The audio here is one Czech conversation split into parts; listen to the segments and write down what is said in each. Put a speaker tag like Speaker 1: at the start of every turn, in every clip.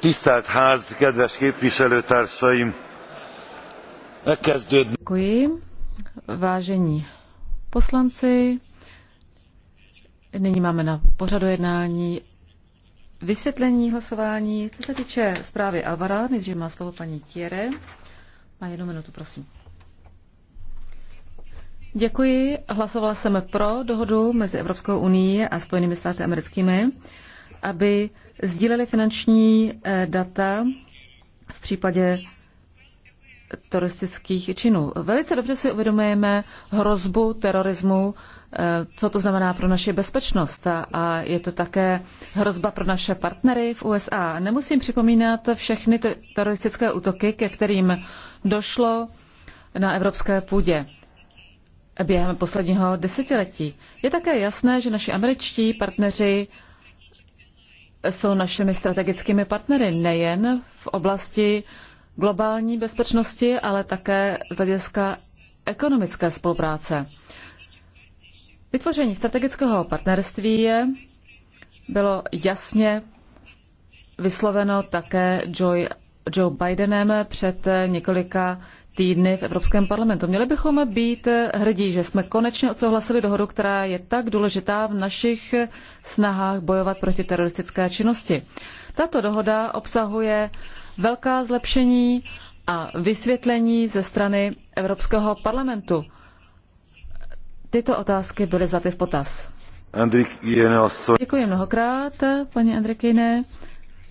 Speaker 1: Tisztelt ház, kedves képviselőtársaim! Megkezdődni. Děkuji. Vážení
Speaker 2: poslanci, nyní máme na pořadu jednání vysvětlení hlasování. Co se týče zprávy Alvara, nejdřív má slovo paní Tiere. Má jednu minutu, prosím. Děkuji. Hlasovala jsem pro dohodu mezi Evropskou unii a Spojenými státy americkými aby sdíleli finanční eh, data v případě teroristických činů. Velice dobře si uvědomujeme hrozbu terorismu, eh, co to znamená pro naši bezpečnost a je to také hrozba pro naše partnery v USA. Nemusím připomínat všechny ty teroristické útoky, ke kterým došlo na evropské půdě během posledního desetiletí. Je také jasné, že naši američtí partneři jsou našimi strategickými partnery nejen v oblasti globální bezpečnosti, ale také z hlediska ekonomické spolupráce. Vytvoření strategického partnerství bylo jasně vysloveno také Joe, Joe Bidenem před několika týdny v Evropském parlamentu. Měli bychom být hrdí, že jsme konečně odsouhlasili dohodu, která je tak důležitá v našich snahách bojovat proti teroristické činnosti. Tato dohoda obsahuje velká zlepšení a vysvětlení ze strany Evropského parlamentu. Tyto otázky byly vzaty v potaz. Děkuji mnohokrát, paní Andrikine.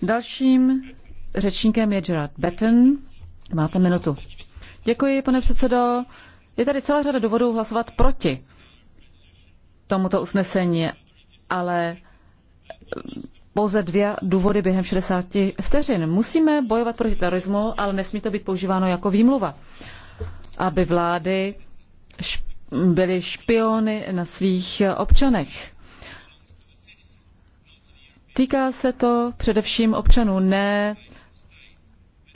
Speaker 2: Dalším řečníkem je Gerard Betten. Máte minutu. Děkuji, pane předsedo. Je tady celá řada důvodů hlasovat proti tomuto usnesení, ale eh, pouze dvě důvody během 60 vteřin. Musíme bojovat proti terorismu, ale nesmí to být používáno jako výmluva, aby vlády byly špiony na svých eh, občanech. Týká se to především občanů, ne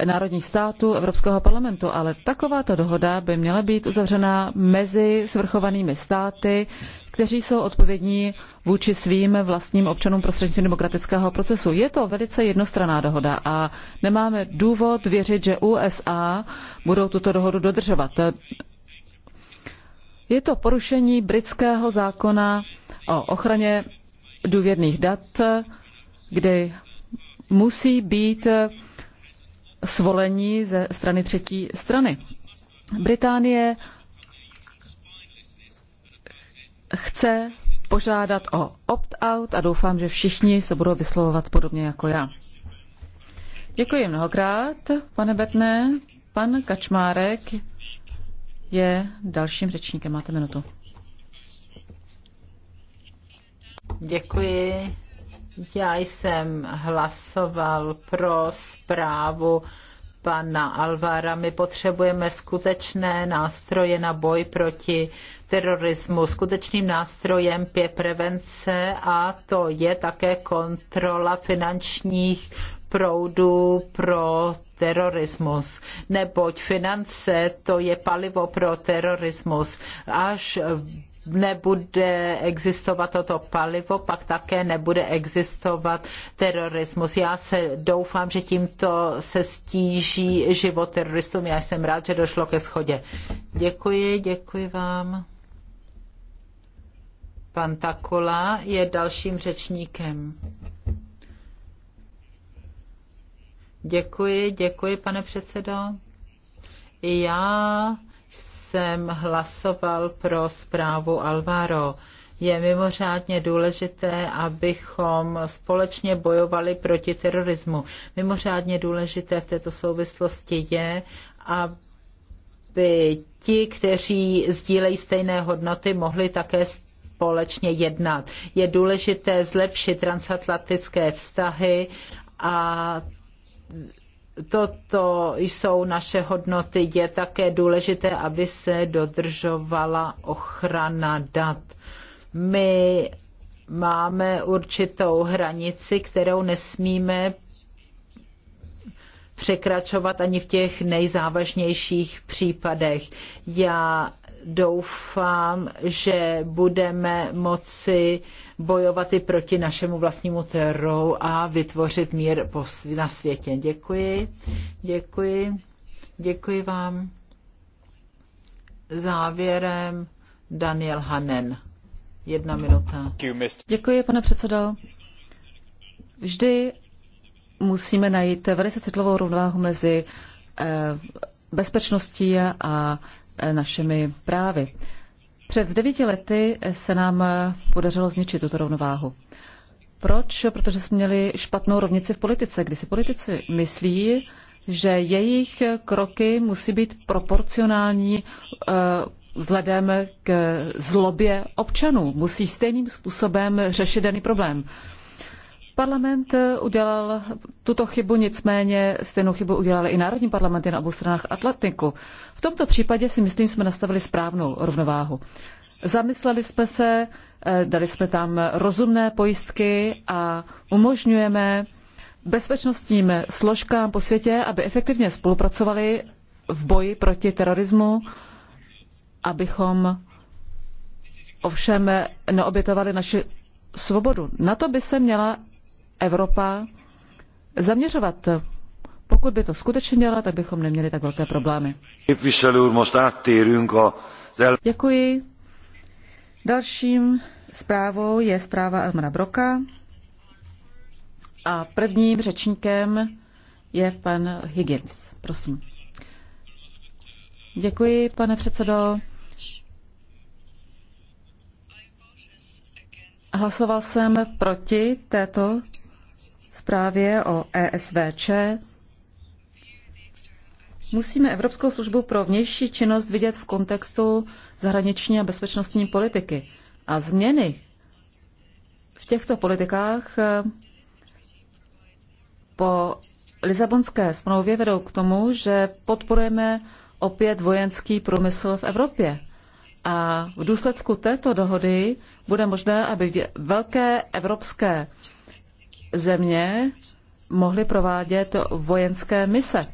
Speaker 2: národních států Evropského parlamentu, ale takováto dohoda by měla být uzavřena mezi svrchovanými státy, kteří jsou odpovědní vůči svým vlastním občanům prostřednictvím demokratického procesu. Je to velice jednostranná dohoda a nemáme důvod věřit, že USA budou tuto dohodu dodržovat. Je to porušení britského zákona o ochraně důvěrných dat, kdy musí být svolení ze strany třetí strany. Británie chce požádat o opt-out a doufám, že všichni se budou vyslovovat podobně jako já. Děkuji mnohokrát, pane Betné. Pan Kačmárek je dalším řečníkem. Máte minutu.
Speaker 3: Děkuji. Já jsem hlasoval pro zprávu pana Alvara. My potřebujeme skutečné nástroje na boj proti terorismu. Skutečným nástrojem je prevence a to je také kontrola finančních proudu pro terorismus, neboť finance to je palivo pro terorismus. Až nebude existovat toto palivo, pak také nebude existovat terorismus. Já se doufám, že tímto se stíží život teroristům. Já jsem rád, že došlo ke schodě. Děkuji, děkuji vám. Pan Takula je dalším řečníkem. Děkuji, děkuji, pane předsedo. Já jsem hlasoval pro zprávu Alvaro. Je mimořádně důležité, abychom společně bojovali proti terorismu. Mimořádně důležité v této souvislosti je, aby ti, kteří sdílejí stejné hodnoty, mohli také společně jednat. Je důležité zlepšit transatlantické vztahy a toto jsou naše hodnoty, je také důležité, aby se dodržovala ochrana dat. My máme určitou hranici, kterou nesmíme překračovat ani v těch nejzávažnějších případech. Já doufám, že budeme moci bojovat i proti našemu vlastnímu teroru a vytvořit mír na světě. Děkuji, děkuji, děkuji vám. Závěrem Daniel Hanen. Jedna minuta. Děkuji, pane předsedo.
Speaker 2: Vždy musíme najít velice citlivou rovnováhu mezi eh, bezpečností a eh, našimi právy. Před devíti lety se nám podařilo zničit tuto rovnováhu. Proč? Protože jsme měli špatnou rovnici v politice, kdy si politici myslí, že jejich kroky musí být proporcionální eh, vzhledem k zlobě občanů. Musí stejným způsobem řešit daný problém. Parlament eh, udělal tuto chybu, nicméně stejnou chybu udělali i národní parlamenty na obou stranách Atlantiku. V tomto případě si myslím, jsme nastavili správnou rovnováhu. Zamysleli jsme se, eh, dali jsme tam rozumné pojistky a umožňujeme bezpečnostním složkám po světě, aby efektivně spolupracovali v boji proti terorismu, abychom ovšem neobětovali naši svobodu. Na to by se měla Evropa zaměřovat. Pokud by to skutečně dělala, tak bychom neměli tak velké problémy. Děkuji. Dalším zprávou je zpráva Elmana Broka. A prvním řečníkem je pan Higgins. Prosím. Děkuji, pane předsedo. Hlasoval jsem proti této zprávě o ESVČ musíme Evropskou službu pro vnější činnost vidět v kontextu zahraniční a bezpečnostní politiky. A změny v těchto politikách eh, po Lisabonské smlouvě vedou k tomu, že podporujeme opět vojenský průmysl v Evropě. A v důsledku této dohody bude možné, aby velké evropské země mohly provádět vojenské mise.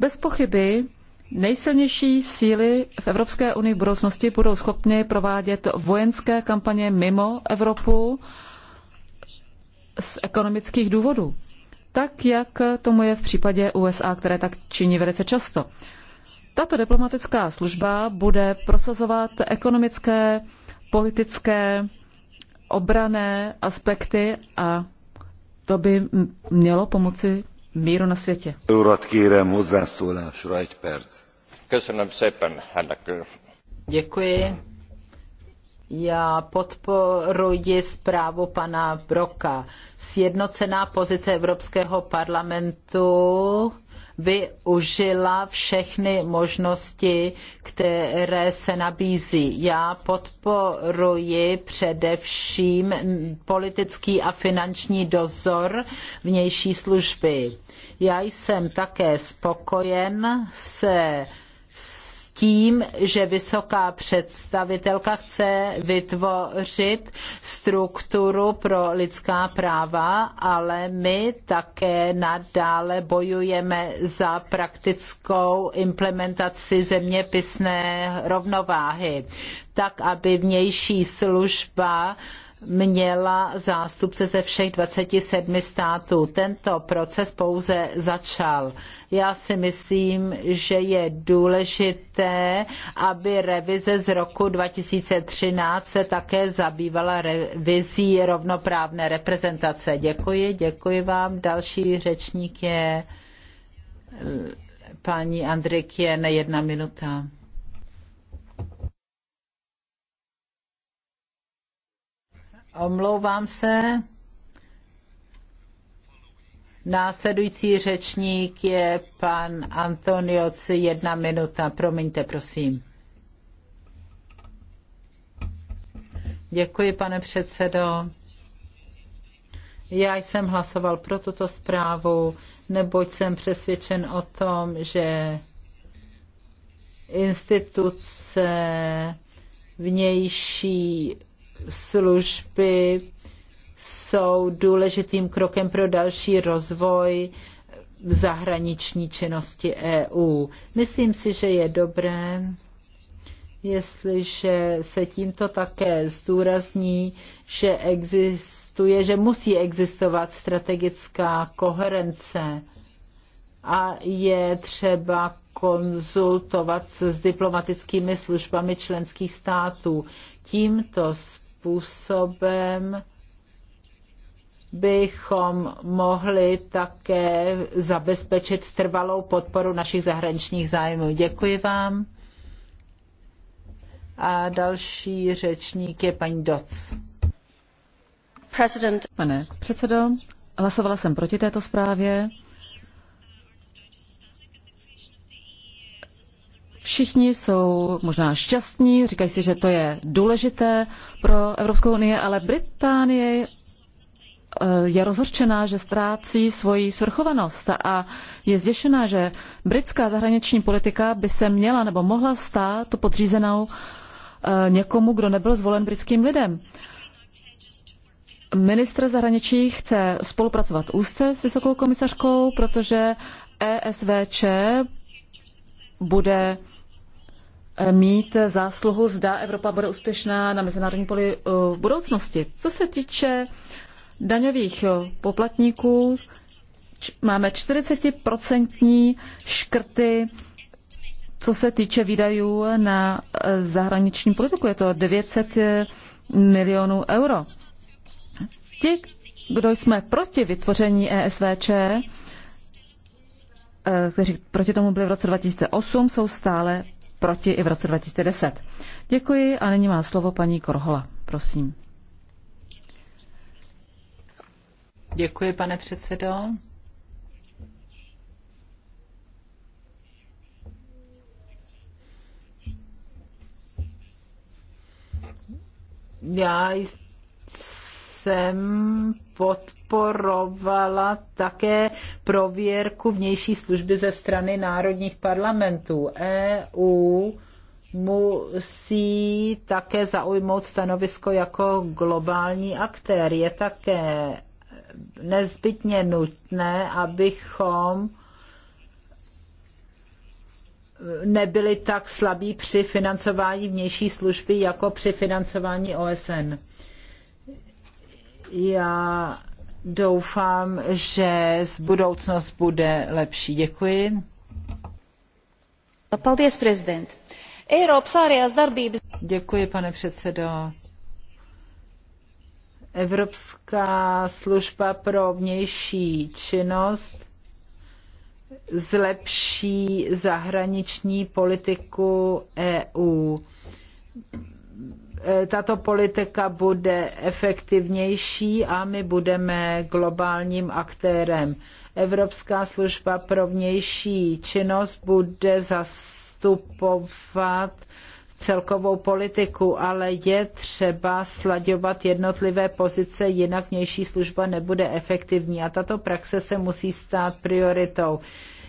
Speaker 2: Bez pochyby nejsilnější síly v Evropské unii v budoucnosti budou schopny provádět vojenské kampaně mimo Evropu z ekonomických důvodů, tak jak tomu je v případě USA, které tak činí velice často. Tato diplomatická služba bude prosazovat ekonomické, politické, obrané aspekty a to by mělo pomoci míru na světě.
Speaker 3: Děkuji. Já podporuji zprávu pana Broka. Sjednocená pozice Evropského parlamentu využila všechny možnosti, které se nabízí. Já podporuji především politický a finanční dozor vnější služby. Já jsem také spokojen se tím, že vysoká představitelka chce vytvořit strukturu pro lidská práva, ale my také nadále bojujeme za praktickou implementaci zeměpisné rovnováhy, tak aby vnější služba měla zástupce ze všech 27 států. Tento proces pouze začal. Já si myslím, že je důležité, aby revize z roku 2013 se také zabývala revizí rovnoprávné reprezentace. Děkuji, děkuji vám. Další řečník je eh, paní Andrikiene, jedna minuta. Omlouvám se. Následující řečník je pan Antonioci, jedna minuta. Promiňte, prosím. Děkuji, pane předsedo. Já jsem hlasoval pro tuto zprávu, neboť jsem přesvědčen o tom, že instituce vnější služby jsou důležitým krokem pro další rozvoj v zahraniční činnosti EU. Myslím si, že je dobré, jestliže se tímto také zdůrazní, že existuje, že musí existovat strategická koherence a je třeba konzultovat s diplomatickými službami členských států. Tímto způsobem bychom mohli také zabezpečit trvalou podporu našich zahraničních zájmů. Děkuji vám. A další řečník je paní Doc. President. Pane předsedo,
Speaker 2: hlasovala jsem proti této zprávě. Všichni jsou možná šťastní, říkají si, že to je důležité pro Evropskou unii, ale Británie eh, je rozhorčená, že ztrácí svoji svrchovanost a je zděšená, že britská zahraniční politika by se měla nebo mohla stát podřízenou eh, někomu, kdo nebyl zvolen britským lidem. Ministr zahraničí chce spolupracovat úzce s vysokou komisařkou, protože ESVČ bude mít zásluhu, zda Evropa bude úspěšná na mezinárodní poli v eh, budoucnosti. Co se týče daňových eh, poplatníků, máme 40% škrty, co se týče výdajů na eh, zahraniční politiku. Je to 900 milionů euro. Ti, kdo jsme proti vytvoření ESVČ, kteří proti tomu byli v roce 2008, jsou stále proti i v roce 2010. Děkuji a nyní má slovo paní
Speaker 3: Korhola. Prosím. Děkuji, pane předsedo. Já jsem pod podporovala také prověrku vnější služby ze strany národních parlamentů. EU musí také zaujmout stanovisko jako globální aktér. Je také nezbytně nutné, abychom nebyli tak slabí při financování vnější služby jako při financování OSN. Já doufám, že z budoucnost bude lepší. Děkuji. Paldies, prezident. Eiropas ārējās darbības. Děkuji, pane předsedo. Evropská služba pro vnější činnost zlepší zahraniční politiku EU E, tato politika bude efektivnější a my budeme globálním aktérem. Evropská služba pro vnější činnost bude zastupovat celkovou politiku, ale je třeba slaďovat jednotlivé pozice, jinak vnější služba nebude efektivní a tato praxe se musí stát prioritou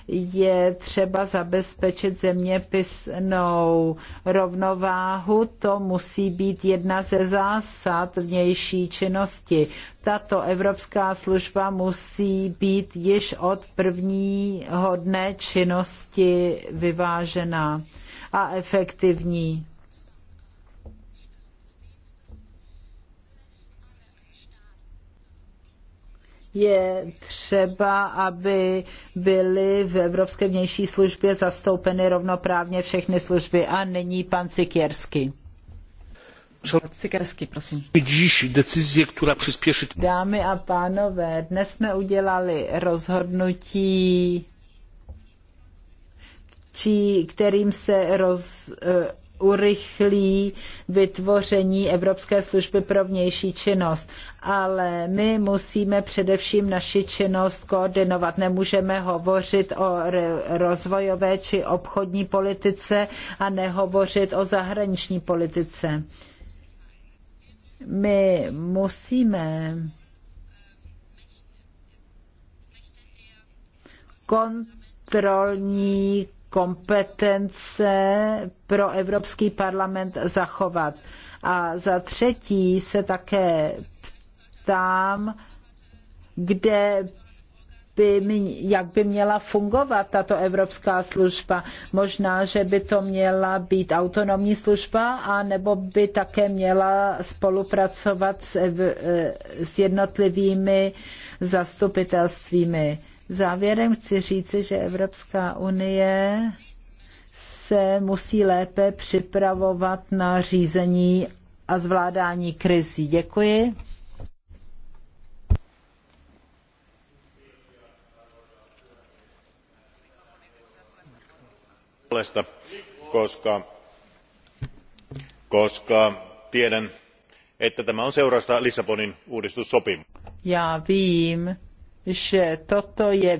Speaker 3: je třeba zabezpečit zeměpisnou rovnováhu. To musí být jedna ze zásad vnější činnosti. Tato Evropská služba musí být již od prvního dne činnosti vyvážená a efektivní je třeba, aby byly v Evropské vnější službě zastoupeny rovnoprávně všechny služby. A není pan Sikersky. Cikersky, prosím. Decizie, která přispěší... Dámy a pánové, dnes jsme udělali rozhodnutí, či, kterým se roz, eh, urychlí vytvoření Evropské služby pro vnější činnost ale my musíme především naši činnost koordinovat. Nemůžeme hovořit o rozvojové či obchodní politice a nehovořit o zahraniční politice. My musíme kontrolní kompetence pro Evropský parlament zachovat. A za třetí se také tam, kde by, jak by měla fungovat tato evropská služba. Možná, že by to měla být autonomní služba, a nebo by také měla spolupracovat s, e, s jednotlivými zastupitelstvími. Závěrem chci říci, že Evropská unie se musí lépe připravovat na řízení a zvládání krizí. Děkuji.
Speaker 4: puolesta koska tiedän että tämä on seurausta lissabonin uudistussopimuksesta.
Speaker 3: vím že toto je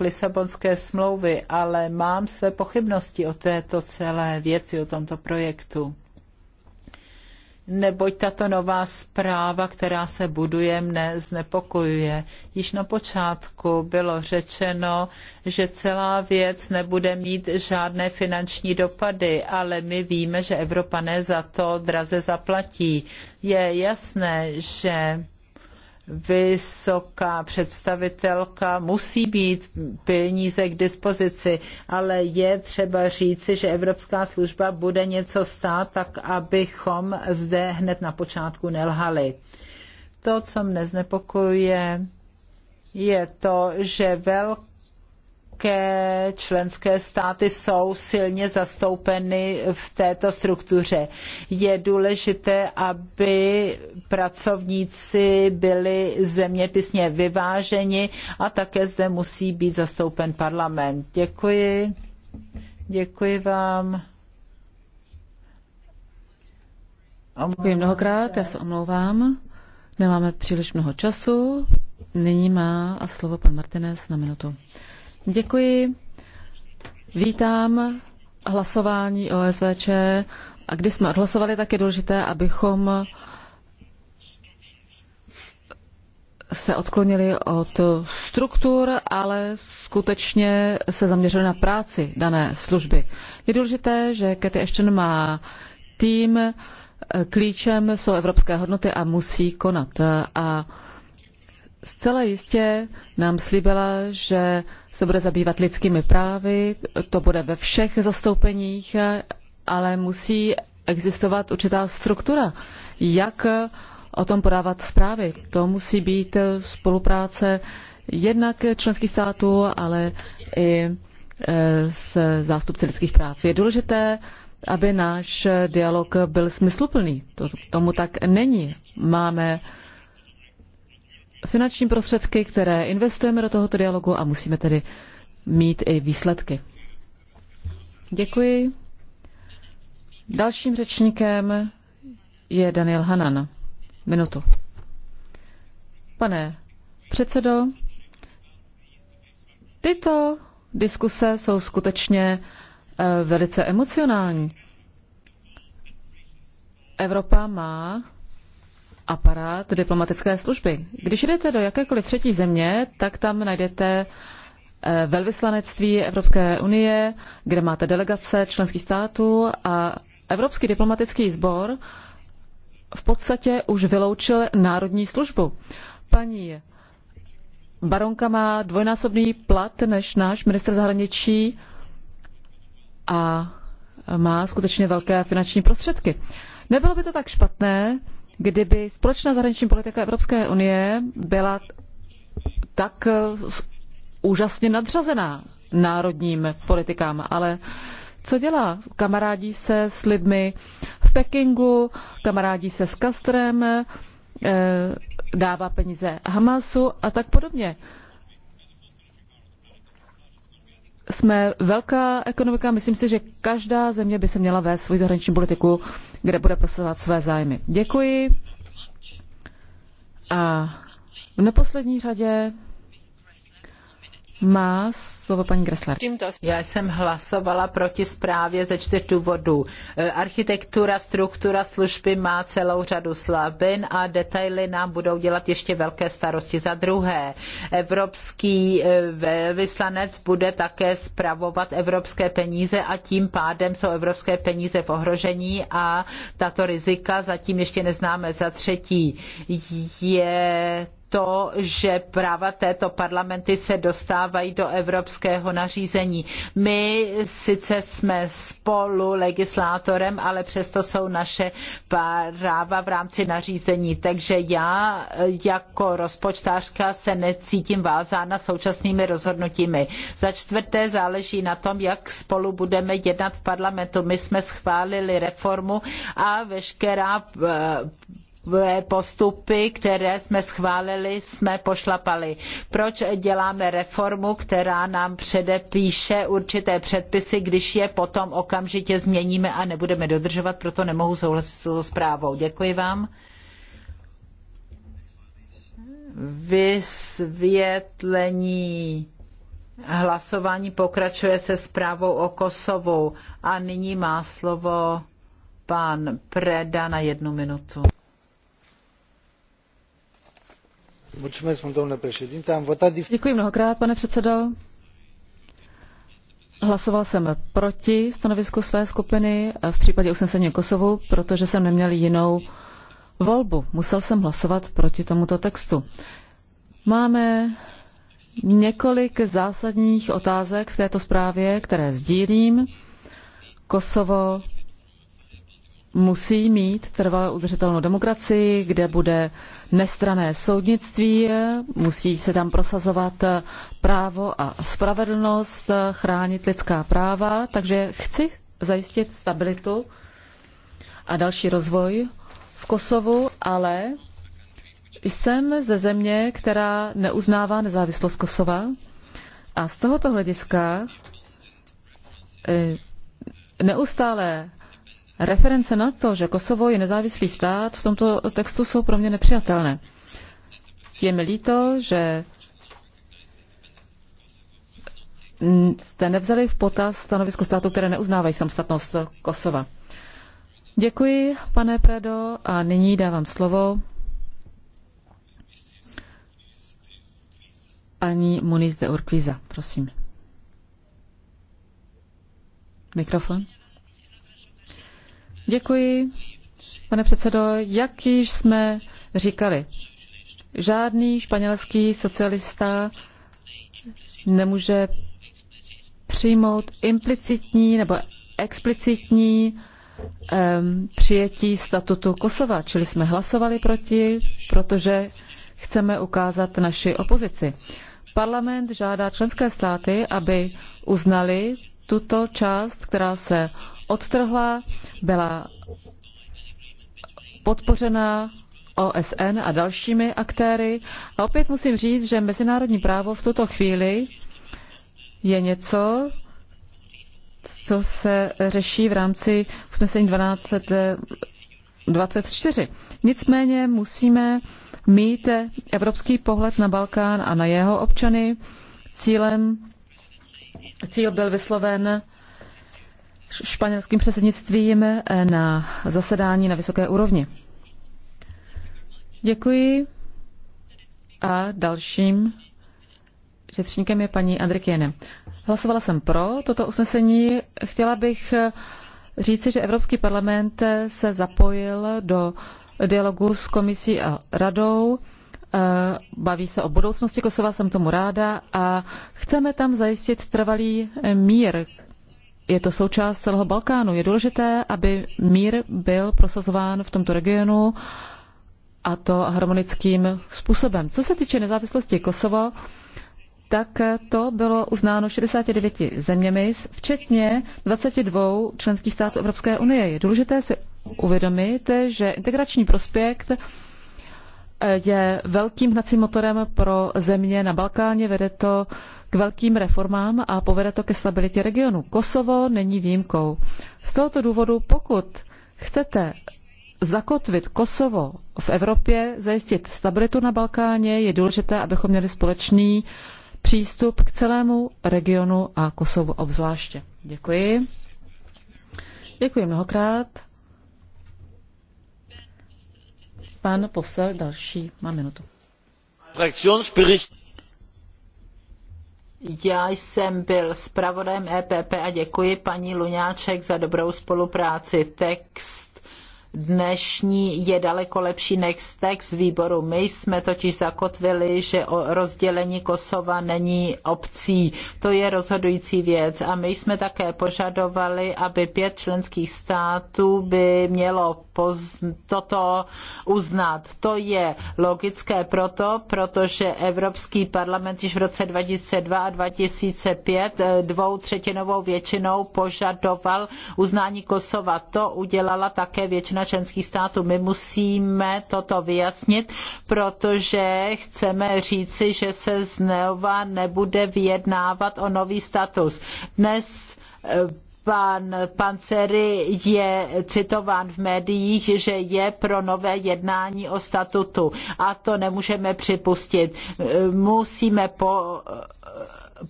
Speaker 3: lisabonské smlouvy ale mám své pochybnosti o této celé věci o tomto projektu neboť tato nová zpráva, která se buduje, mne znepokojuje. Již na počátku bylo řečeno, že celá věc nebude mít žádné finanční dopady, ale my víme, že Evropané za to draze zaplatí. Je jasné, že vysoká představitelka musí být peníze k dispozici, ale je třeba říci, že Evropská služba bude něco stát, tak abychom zde hned na počátku nelhali. To, co mne znepokojuje, je to, že velká jaké členské státy jsou silně zastoupeny v této struktuře. Je důležité, aby pracovníci byli zeměpisně vyváženi a také zde musí být zastoupen parlament. Děkuji. Děkuji vám. Děkuji mnohokrát,
Speaker 2: já se omlouvám. Nemáme příliš mnoho času. Nyní má a slovo pan Martinez na minutu. Děkuji. Vítám hlasování OSVČ a když jsme odhlasovali, tak je důležité, abychom se odklonili od struktur, ale skutečně se zaměřili na práci dané služby. Je důležité, že Katy Ashton má tým, klíčem jsou evropské hodnoty a musí konat. A zcela jistě nám slíbila, že se bude zabývat lidskými právy, to bude ve všech zastoupeních, ale musí existovat určitá struktura, jak o tom podávat zprávy. To musí být spolupráce jednak členských států, ale i e, s zástupci lidských práv. Je důležité, aby náš dialog byl smysluplný. To, tomu tak není. Máme finanční prostředky, které investujeme do tohoto dialogu a musíme tedy mít i výsledky. Děkuji. Dalším řečníkem je Daniel Hanan. Minutu. Pane předsedo, tyto diskuse jsou skutečně eh, velice emocionální. Evropa má aparát diplomatické služby. Když jdete do jakékoliv třetí země, tak tam najdete eh, velvyslanectví Evropské unie, kde máte delegace členských států a Evropský diplomatický sbor v podstatě už vyloučil národní službu. Paní baronka má dvojnásobný plat než náš minister zahraničí a má skutečně velké finanční prostředky. Nebylo by to tak špatné, kdyby společná zahraniční politika Evropské unie byla tak eh, úžasně nadřazená národním politikám, ale co dělá? Kamarádí se s lidmi v Pekingu, kamarádí se s Kastrem, eh, dává peníze Hamasu a tak podobně jsme velká ekonomika, myslím si, že každá země by se měla vést svou zahraniční politiku, kde bude prosazovat své zájmy. Děkuji. A v neposlední řadě má slovo paní
Speaker 3: Gressler. Já jsem hlasovala proti zprávě ze čtyř důvodů. E, architektura, struktura služby má celou řadu slabin a detaily nám budou dělat ještě velké starosti. Za druhé, evropský e, vyslanec bude také spravovat evropské peníze a tím pádem jsou evropské peníze v ohrožení a tato rizika zatím ještě neznáme. Za třetí, je to, že práva této parlamenty se dostávají do evropského nařízení. My sice jsme spolu legislátorem, ale přesto jsou naše práva v rámci nařízení. Takže já jako rozpočtářka se necítím vázána současnými rozhodnutími. Za čtvrté záleží na tom, jak spolu budeme jednat v parlamentu. My jsme schválili reformu a veškerá eh, postupy, které jsme schválili, jsme pošlapali. Proč děláme reformu, která nám předepíše určité předpisy, když je potom okamžitě změníme a nebudeme dodržovat, proto nemohu souhlasit s tou zprávou. Děkuji vám. Vysvětlení hlasování pokračuje se zprávou o Kosovu a nyní má slovo pan Preda na jednu minutu.
Speaker 1: Děkuji
Speaker 2: mnohokrát, pane předsedo. Hlasoval jsem proti stanovisku své skupiny v případě usnesení Kosovu, protože jsem neměl jinou volbu. Musel jsem hlasovat proti tomuto textu. Máme několik zásadních otázek v této zprávě, které sdílím. Kosovo musí mít trvalou udržitelnou demokracii, kde bude nestrané soudnictví, musí se tam prosazovat právo a spravedlnost, chránit lidská práva, takže chci zajistit stabilitu a další rozvoj v Kosovu, ale jsem ze země, která neuznává nezávislost Kosova a z tohoto hlediska eh, neustále Reference na to, že Kosovo je nezávislý stát, v tomto textu jsou pro mě nepřijatelné. Je mi líto, že jste nevzali v potaz stanovisko státu, které neuznávají samostatnost Kosova. Děkuji, pane Predo, a nyní dávám slovo paní Muniz de Urquiza, prosím. Mikrofon. Děkuji, pane předsedo. Jak již jsme říkali, žádný španělský socialista nemůže přijmout implicitní nebo explicitní um, přijetí statutu Kosova. Čili jsme hlasovali proti, protože chceme ukázat naši opozici. Parlament žádá členské státy, aby uznali tuto část, která se odtrhla, byla podpořena OSN a dalšími aktéry. A opět musím říct, že mezinárodní právo v tuto chvíli je něco, co se řeší v rámci usnesení 1224. Nicméně musíme mít evropský pohled na Balkán a na jeho občany. Cílem, cíl byl vysloven španělským předsednictvím eh, na zasedání na vysoké úrovni. Děkuji. A dalším řečníkem je paní Andrikiene. Hlasovala jsem pro toto usnesení. Chtěla bych eh, říci, že Evropský parlament eh, se zapojil do dialogu s komisí a radou. Baví se o budoucnosti Kosova, jsem tomu ráda a chceme tam zajistit trvalý mír, je to součást celého Balkánu. Je důležité, aby mír byl prosazován v tomto regionu a to harmonickým způsobem. Co se týče nezávislosti Kosova, tak to bylo uznáno 69 zeměmi, včetně 22 členských států Evropské unie. Je důležité si uvědomit, že integrační prospekt eh, je velkým hnacím motorem pro země na Balkáně, vede to k velkým reformám a povede to ke stabilitě regionu. Kosovo není výjimkou. Z tohoto důvodu, pokud chcete zakotvit Kosovo v Evropě, zajistit stabilitu na Balkáně, je důležité, abychom měli společný přístup k celému regionu a Kosovu obzvláště. Děkuji. Děkuji mnohokrát.
Speaker 3: Pan posel další má minutu.
Speaker 1: Fraktionsbericht
Speaker 3: já jsem byl zpravodajem EPP a děkuji paní Luňáček za dobrou spolupráci. Text dnešní je daleko lepší než text výboru. My jsme totiž zakotvili, že o rozdělení Kosova není obcí. To je rozhodující věc. A my jsme také požadovali, aby pět členských států by mělo toto uznat. To je logické proto, protože Evropský parlament již v roce 2002 a 2005 eh, dvoutřetinovou většinou požadoval uznání Kosova. To udělala také většina členských států. My musíme toto vyjasnit, protože chceme říci, že se znova nebude vyjednávat o nový status. Dnes eh, pan Panceri je citován v médiích, že je pro nové jednání o statutu. A to nemůžeme připustit. Eh, musíme po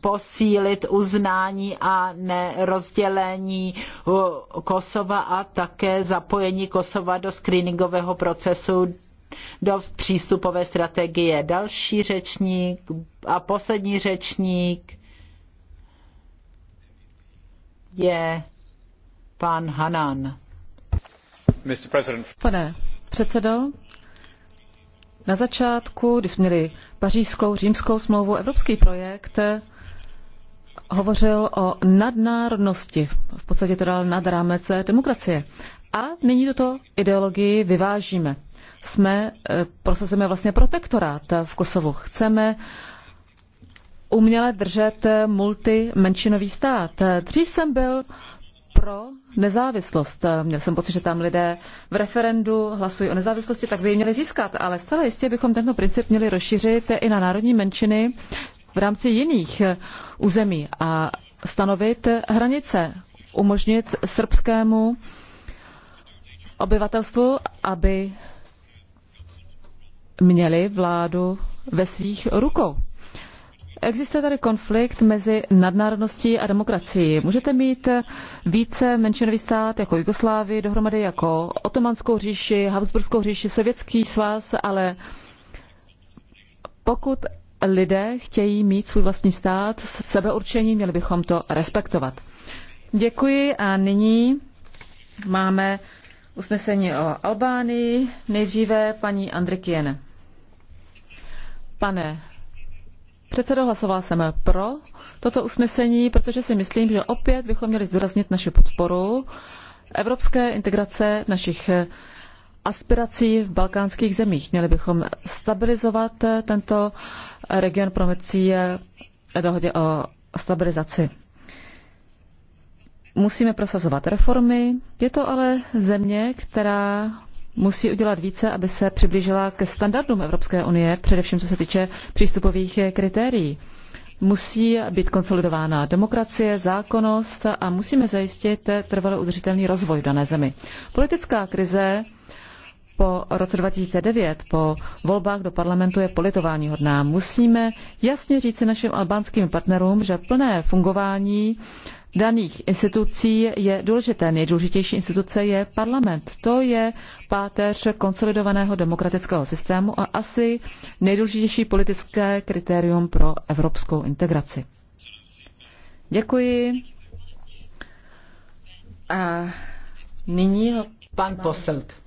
Speaker 3: posílit uznání a nerozdělení Kosova a také zapojení Kosova do screeningového procesu do přístupové strategie. Další řečník a poslední řečník je pan Hanan. Pane předsedo,
Speaker 2: na začátku, když jsme měli pařížskou, římskou smlouvu, evropský projekt hovořil o nadnárodnosti, v podstatě to dal nad rámec eh, demokracie. A nyní tuto ideologii vyvážíme. Jsme, eh, prosazujeme vlastně protektorát v Kosovu. Chceme uměle držet eh, multimenšinový stát. Dřív jsem byl pro nezávislost. Měl jsem pocit, že tam lidé v referendu hlasují o nezávislosti, tak by ji měli získat, ale zcela jistě bychom tento princip měli rozšířit i na národní menšiny v rámci jiných eh, území a stanovit eh, hranice, umožnit srbskému obyvatelstvu, aby měli vládu ve svých rukou. Existuje tady konflikt mezi nadnárodností a demokracií. Můžete mít eh, více menšinový stát jako Jugoslávii, dohromady jako Otomanskou říši, Habsburskou říši, Sovětský svaz, ale pokud lidé chtějí mít svůj vlastní stát, sebeurčení, měli bychom to respektovat. Děkuji a nyní máme usnesení o Albánii. Nejdříve paní Andrikiene. Pane předsedo, hlasoval jsem pro toto usnesení, protože si myslím, že opět bychom měli zdůraznit naši podporu evropské integrace našich aspirací v balkánských zemích. Měli bychom stabilizovat tento region promocí dohodě o stabilizaci. Musíme prosazovat reformy. Je to ale země, která musí udělat více, aby se přiblížila ke standardům Evropské unie, především co se týče přístupových kritérií. Musí být konsolidována demokracie, zákonnost a musíme zajistit trvalo udržitelný rozvoj v dané zemi. Politická krize po roce 2009, po volbách do parlamentu je politování hodná. Musíme jasně říci našim albánským partnerům, že plné fungování daných institucí je důležité. Nejdůležitější instituce je parlament. To je páteř konsolidovaného demokratického systému a asi nejdůležitější politické kritérium pro evropskou integraci. Děkuji.
Speaker 3: A nyní Pan Poselt.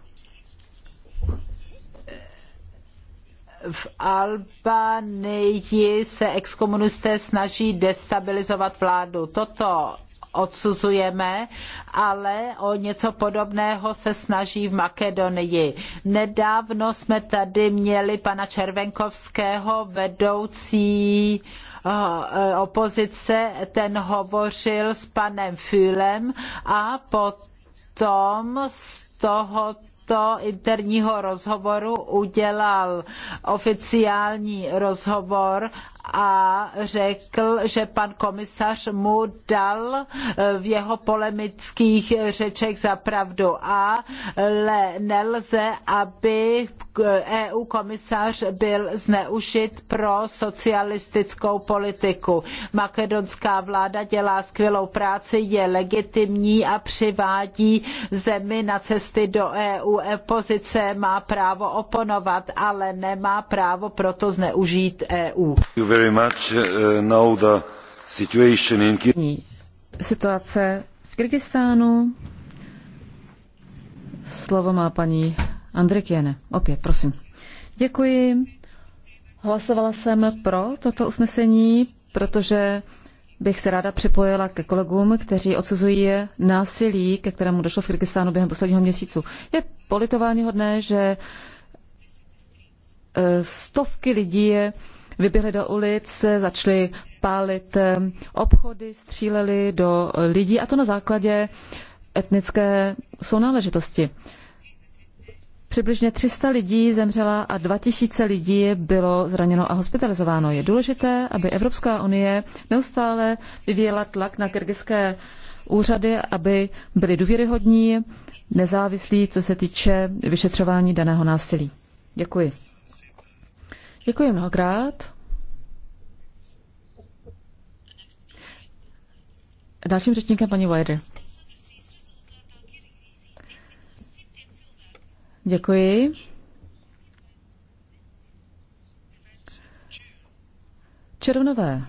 Speaker 3: v Albánii se exkomunisté snaží destabilizovat vládu. Toto odsuzujeme, ale o něco podobného se snaží v Makedonii. Nedávno jsme tady měli pana Červenkovského vedoucí eh, opozice, ten hovořil s panem Fülem a potom z toho místo interního rozhovoru udělal oficiální rozhovor a řekl, že pan komisař mu dal eh, v jeho polemických řečech za pravdu. A nelze, aby EU eh, e komisař byl zneužit pro socialistickou politiku. Makedonská vláda dělá skvělou práci, je legitimní a přivádí zemi na cesty do EU. Opozice má právo oponovat, ale nemá právo proto zneužít EU. Uh, situace v Kyrgyzstánu.
Speaker 2: Slovo má paní Andrikiene. Opět, prosím. Děkuji. Hlasovala jsem pro toto usnesení, protože bych se ráda připojila ke kolegům, kteří odsuzují násilí, ke kterému došlo v Kyrgyzstánu během posledního měsíce. Je politování hodné, že eh, stovky lidí je vyběhli do ulic, začali pálit eh, obchody, stříleli do lidí a to na základě etnické sounáležitosti. Přibližně 300 lidí zemřela a 2000 lidí bylo zraněno a hospitalizováno. Je důležité, aby Evropská unie neustále vyvíjela tlak na kyrgyzské úřady, aby byly důvěryhodní, nezávislí, co se týče vyšetřování daného násilí. Děkuji. Děkuji mnohokrát. Dalším řečníkem paní Weider. Děkuji. Červnové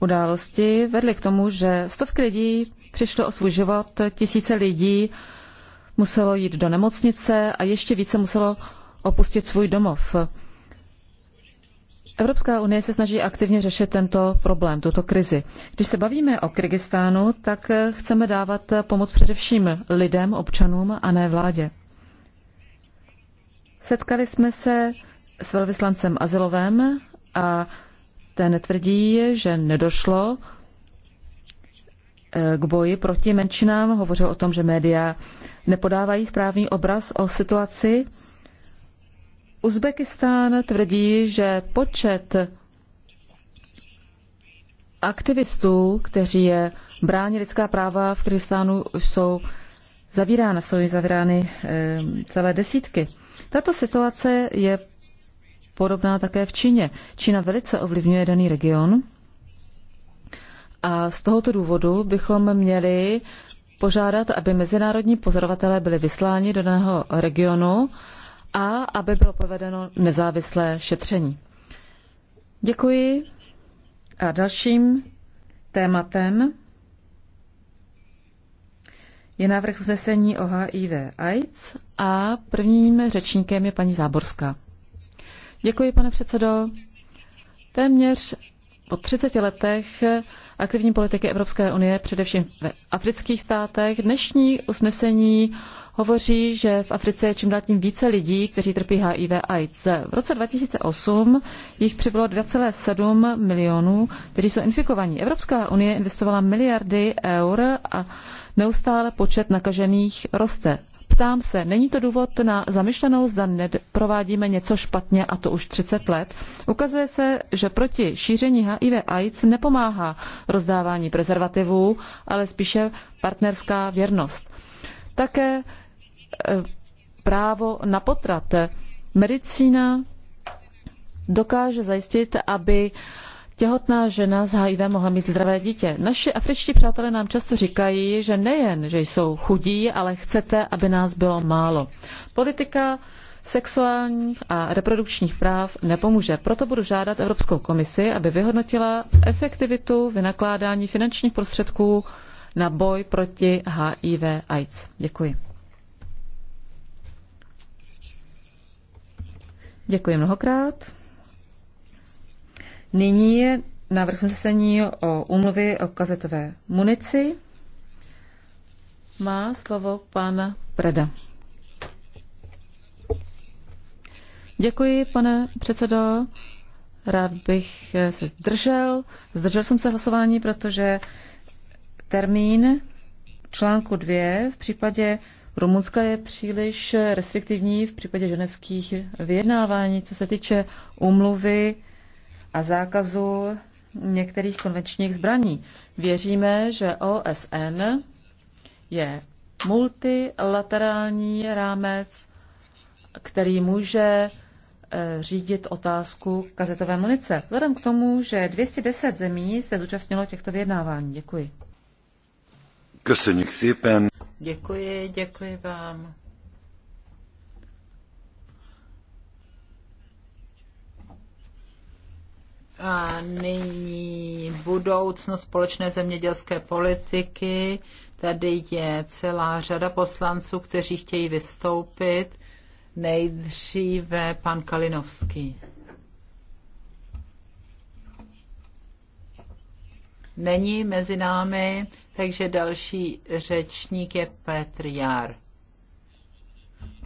Speaker 2: události vedly k tomu, že stovky lidí přišlo o svůj život, tisíce lidí muselo jít do nemocnice a ještě více muselo opustit svůj domov. Evropská unie se snaží aktivně řešit tento problém, tuto krizi. Když se bavíme o Kyrgyzstánu, tak chceme dávat pomoc především lidem, občanům a ne vládě. Setkali jsme se s velvyslancem Azilovem a ten tvrdí, že nedošlo eh, k boji proti menšinám. Hovořil o tom, že média nepodávají správný obraz o situaci Uzbekistán tvrdí, že počet aktivistů, kteří je brání lidská práva v Kyrgyzstánu, jsou zavírána, jsou zavírány celé desítky. Tato situace je podobná také v Číně. Čína velice ovlivňuje daný region a z tohoto důvodu bychom měli požádat, aby mezinárodní pozorovatelé byli vysláni do daného regionu, a aby bylo provedeno nezávislé šetření. Děkuji. A dalším tématem je návrh vznesení o HIV AIDS a prvním řečníkem je paní Záborská. Děkuji, pane předsedo. Téměř po 30 letech aktivní politiky Evropské unie, především ve afrických státech, dnešní usnesení hovoří, že v Africe je čím dál tím více lidí, kteří trpí HIV AIDS. V roce 2008 jich přibylo 2,7 milionů, kteří jsou infikovaní. Evropská unie investovala miliardy eur a neustále počet nakažených roste. Ptám se, není to důvod na zamyšlenou, zda provádíme něco špatně a to už 30 let? Ukazuje se, že proti šíření HIV AIDS nepomáhá rozdávání prezervativů, ale spíše partnerská věrnost. Také Eh, právo na potrat. Medicína dokáže zajistit, aby těhotná žena s HIV mohla mít zdravé dítě. Naši afričtí přátelé nám často říkají, že nejen, že jsou chudí, ale chcete, aby nás bylo málo. Politika sexuálních a reprodukčních práv nepomůže. Proto budu žádat Evropskou komisi, aby vyhodnotila efektivitu vynakládání finančních prostředků na boj proti HIV AIDS. Děkuji. Děkuji mnohokrát. Nyní je návrh usnesení o úmluvě o kazetové munici. Má slovo pan Preda. Děkuji, pane předsedo. Rád bych se zdržel. Zdržel jsem se hlasování, protože termín článku 2 v případě Rumunska je příliš restriktivní v případě ženevských vyjednávání, co se týče umluvy a zákazu některých konvenčních zbraní. Věříme, že OSN je multilaterální rámec, který může eh, řídit otázku kazetové munice. Vzhledem k tomu, že 210 zemí se zúčastnilo těchto vyjednávání. Děkuji.
Speaker 1: Köszönjük szépen.
Speaker 3: Děkuji, děkuji vám. A nyní budoucnost společné zemědělské politiky. Tady je celá řada poslanců, kteří chtějí vystoupit. Nejdříve pan Kalinovský. Není mezi námi, takže další řečník je Petr Jár.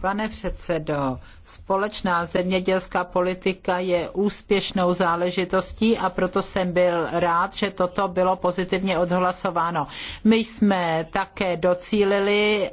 Speaker 3: Pane předsedo, společná zemědělská politika je úspěšnou záležitostí a proto jsem byl rád, že toto bylo pozitivně odhlasováno. My jsme také docílili eh,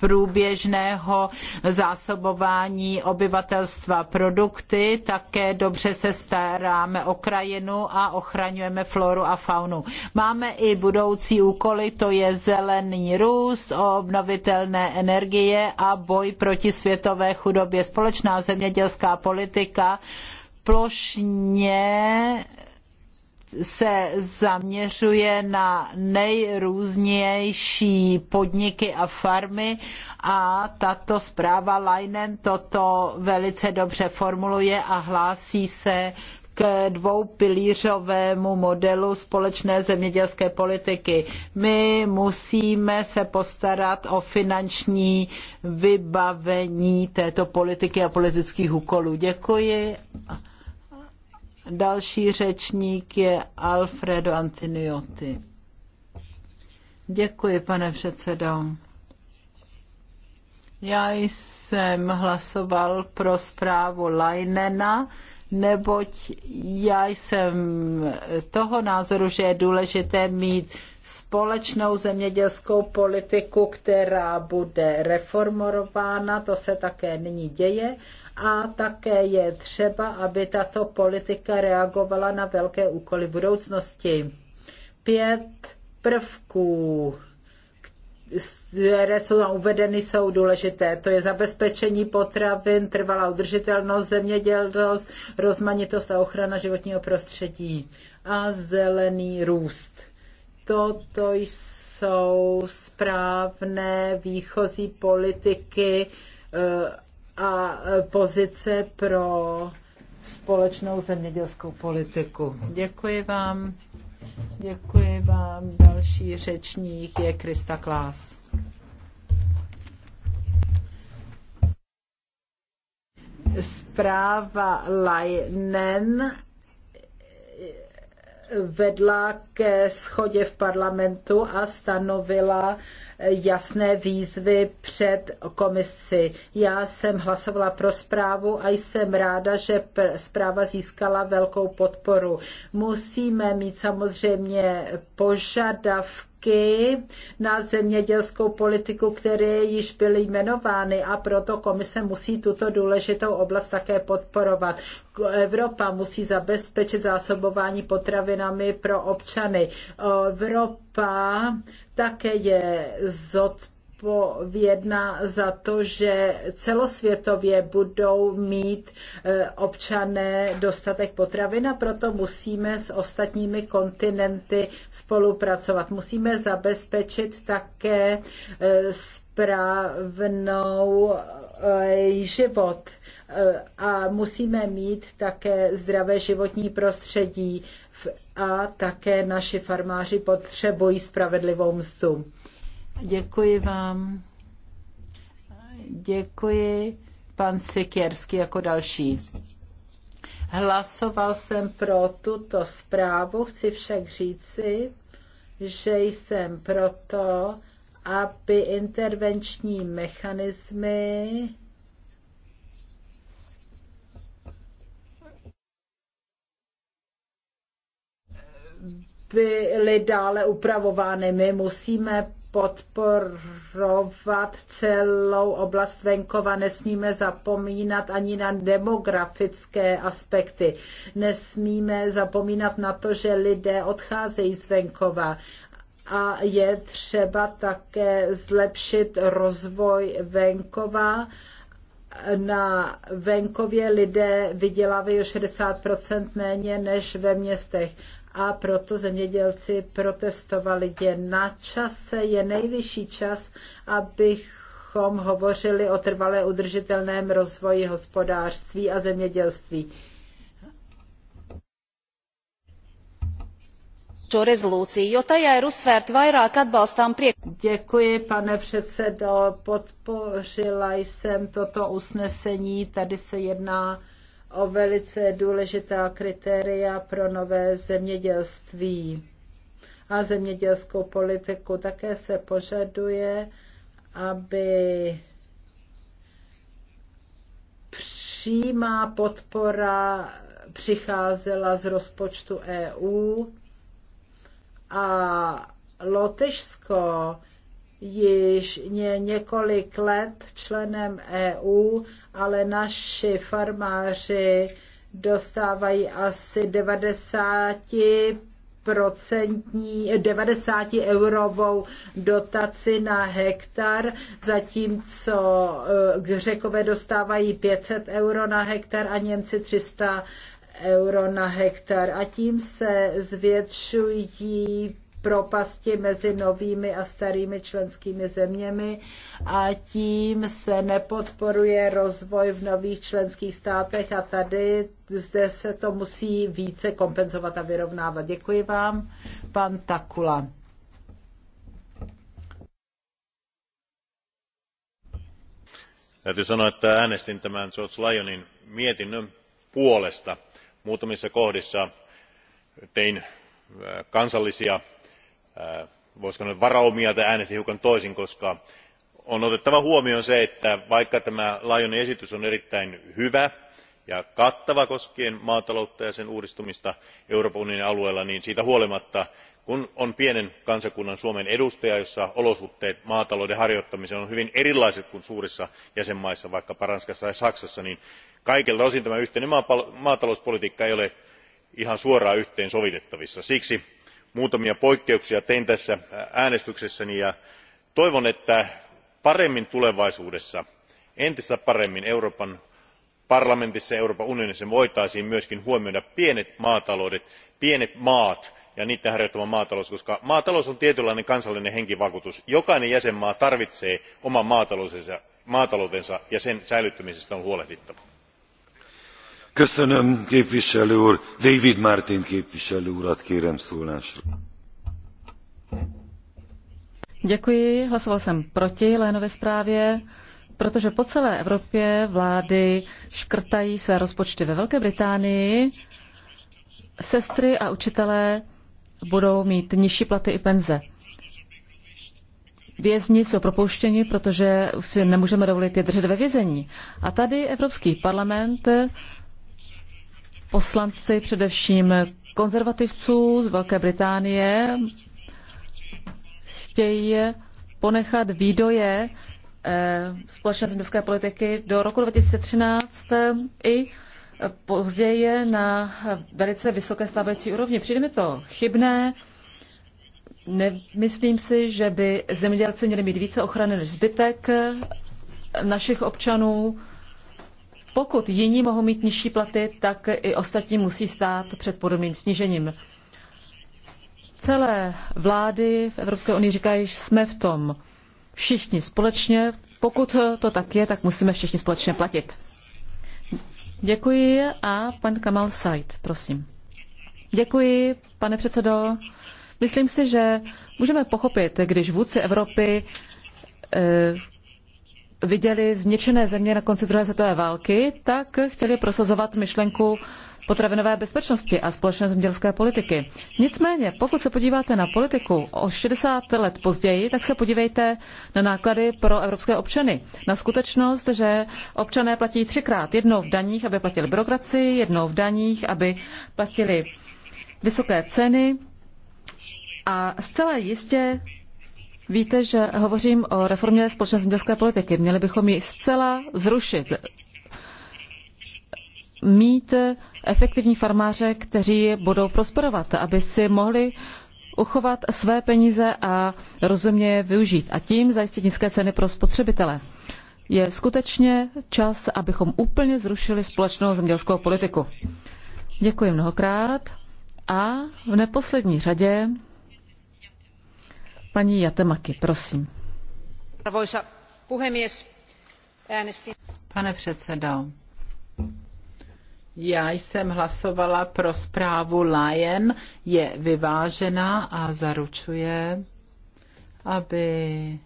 Speaker 3: průběžného zásobování obyvatelstva produkty, také dobře se staráme o krajinu a ochraňujeme floru a faunu. Máme i budoucí úkoly, to je zelený růst, obnovitelné energie a boj boj proti světové chudobě. Společná zemědělská politika plošně se zaměřuje na nejrůznější podniky a farmy a tato zpráva Leinen toto velice dobře formuluje a hlásí se k dvoupilířovému modelu společné zemědělské politiky. My musíme se postarat o finanční vybavení této politiky a politických úkolů. Děkuji. Další řečník je Alfredo Antiniotti. Děkuji, pane předsedo. Já jsem hlasoval pro zprávu Leinena, neboť já jsem toho názoru, že je důležité mít společnou zemědělskou politiku, která bude reformována, to se také nyní děje, a také je třeba, aby tato politika reagovala na velké úkoly budoucnosti. Pět prvků které jsou uvedeny, jsou důležité. To je zabezpečení potravin, trvalá udržitelnost, zemědělnost, rozmanitost a ochrana životního prostředí a zelený růst. Toto jsou správné výchozí politiky eh, a pozice pro společnou zemědělskou politiku. Děkuji vám. Děkuji vám. Další řečník je Krista Klás. Zpráva Lajnen vedla ke schodě v parlamentu a stanovila jasné výzvy před komisi. Já jsem hlasovala pro zprávu a jsem ráda, že zpráva získala velkou podporu. Musíme mít samozřejmě požadavky, na zemědělskou politiku, které již byly jmenovány a proto komise musí tuto důležitou oblast také podporovat. Evropa musí zabezpečit zásobování potravinami pro občany. Evropa také je zodpovědná za to, že celosvětově budou mít eh, občané dostatek potravin a proto musíme s ostatními kontinenty spolupracovat. Musíme zabezpečit také eh, správnou eh, život a musíme mít také zdravé životní prostředí a také naši farmáři potřebují spravedlivou mzdu. Děkuji vám. Děkuji. Pan Sikierský jako další. Hlasoval jsem pro tuto zprávu, chci však říci, že jsem proto, aby intervenční mechanismy byly dále upravovány. My musíme podporovat celou oblast venkova. Nesmíme zapomínat ani na demografické aspekty. Nesmíme zapomínat na to, že lidé odcházejí z venkova. A je třeba také zlepšit rozvoj venkova. Na venkově lidé vydělávají o 60 méně než ve městech a proto zemědělci protestovali. Je na čase, je nejvyšší čas, abychom hovořili o trvale udržitelném rozvoji hospodářství a zemědělství. Děkuji, pane předsedo, podpořila jsem toto usnesení, tady se jedná o velice důležitá kritéria pro nové zemědělství a zemědělskou politiku. Také se požaduje, aby přímá podpora přicházela z rozpočtu EU a Lotyšsko již je několik let členem EU ale naši farmáři dostávají asi 90 procentní, 90 eurovou dotaci na hektar, zatímco eh, Řekové dostávají 500 euro na hektar a Němci 300 euro na hektar. A tím se zvětšují propasti mezi novými a starými členskými zeměmi a tím se nepodporuje rozvoj v nových členských státech a tady zde se to musí více kompenzovat a vyrovnávat. Děkuji vám, pan Takula.
Speaker 4: täytyy sanoa että äänestin tämän george lyonin mietinnön puolesta. muutamissa kohdissa tein kansallisia Äh, voisiko sanoa varaumia tai äänesti hiukan toisin koska on otettava huomioon se että vaikka tämä lyonin esitys on erittäin hyvä ja kattava koskien maataloutta ja sen uudistumista euroopan unionin alueella niin siitä huolimatta kun on pienen kansakunnan suomen edustaja jossa olosuhteet maatalouden harjoittamiseen ovat hyvin erilaiset kuin suurissa jäsenvaltioissa vaikkapa ranskassa tai saksassa niin kaikilta osin tämä yhteinen maatalouspolitiikka ei ole ihan suoraan yhteensovitettavissa. siksi muutamia poikkeuksia tein tässä äänestyksessäni ja toivon että paremmin tulevaisuudessa entistä paremmin euroopan parlamentissa ja euroopan unionissa voitaisiin myös huomioida pienet maataloudet pienet maat ja niiden harjoittama maatalous koska maatalous on tietynlainen kansallinen henkivakuutus. jokainen jäsenvaltio tarvitsee oman maataloutensa ja sen säilyttämisestä on huolehdittava.
Speaker 2: Děkuji, hlasoval jsem proti lénové zprávě, protože po celé Evropě vlády škrtají své rozpočty. Ve Velké Británii sestry a učitelé budou mít nižší platy i penze. Vězni jsou propouštěni, protože si nemůžeme dovolit je držet ve vězení. A tady Evropský parlament poslanci, především konzervativců z Velké Británie, chtějí ponechat výdoje eh, společné zemědělské politiky do roku 2013 eh, i později na velice vysoké stávající úrovni. Přijde mi to chybné. Nemyslím si, že by zemědělci měli mít více ochrany než zbytek našich občanů. Pokud jiní mohou mít nižší platy, tak i ostatní musí stát před podobným snížením. Celé vlády v Evropské unii říkají, že jsme v tom všichni společně. Pokud to tak je, tak musíme všichni společně platit. Děkuji a pan Kamal Said, prosím. Děkuji, pane předsedo. Myslím si, že můžeme pochopit, když vůdci Evropy eh, viděli zničené země na konci druhé světové války, tak chtěli prosazovat myšlenku potravinové bezpečnosti a společné zemědělské politiky. Nicméně, pokud se podíváte na politiku o 60 let později, tak se podívejte na náklady pro evropské občany. Na skutečnost, že občané platí třikrát. Jednou v daních, aby platili byrokracii, jednou v daních, aby platili vysoké ceny. A zcela jistě Víte, že hovořím o reformě společné zemědělské politiky. Měli bychom ji zcela zrušit. Mít efektivní farmáře, kteří budou prosperovat, aby si mohli uchovat své peníze a rozumně je využít a tím zajistit nízké ceny pro spotřebitele. Je skutečně čas, abychom úplně zrušili společnou zemědělskou politiku. Děkuji mnohokrát a v neposlední řadě Paní Jatemaki, prosím.
Speaker 3: Pane předsedo, já jsem hlasovala pro zprávu Lion, je vyvážená a zaručuje, aby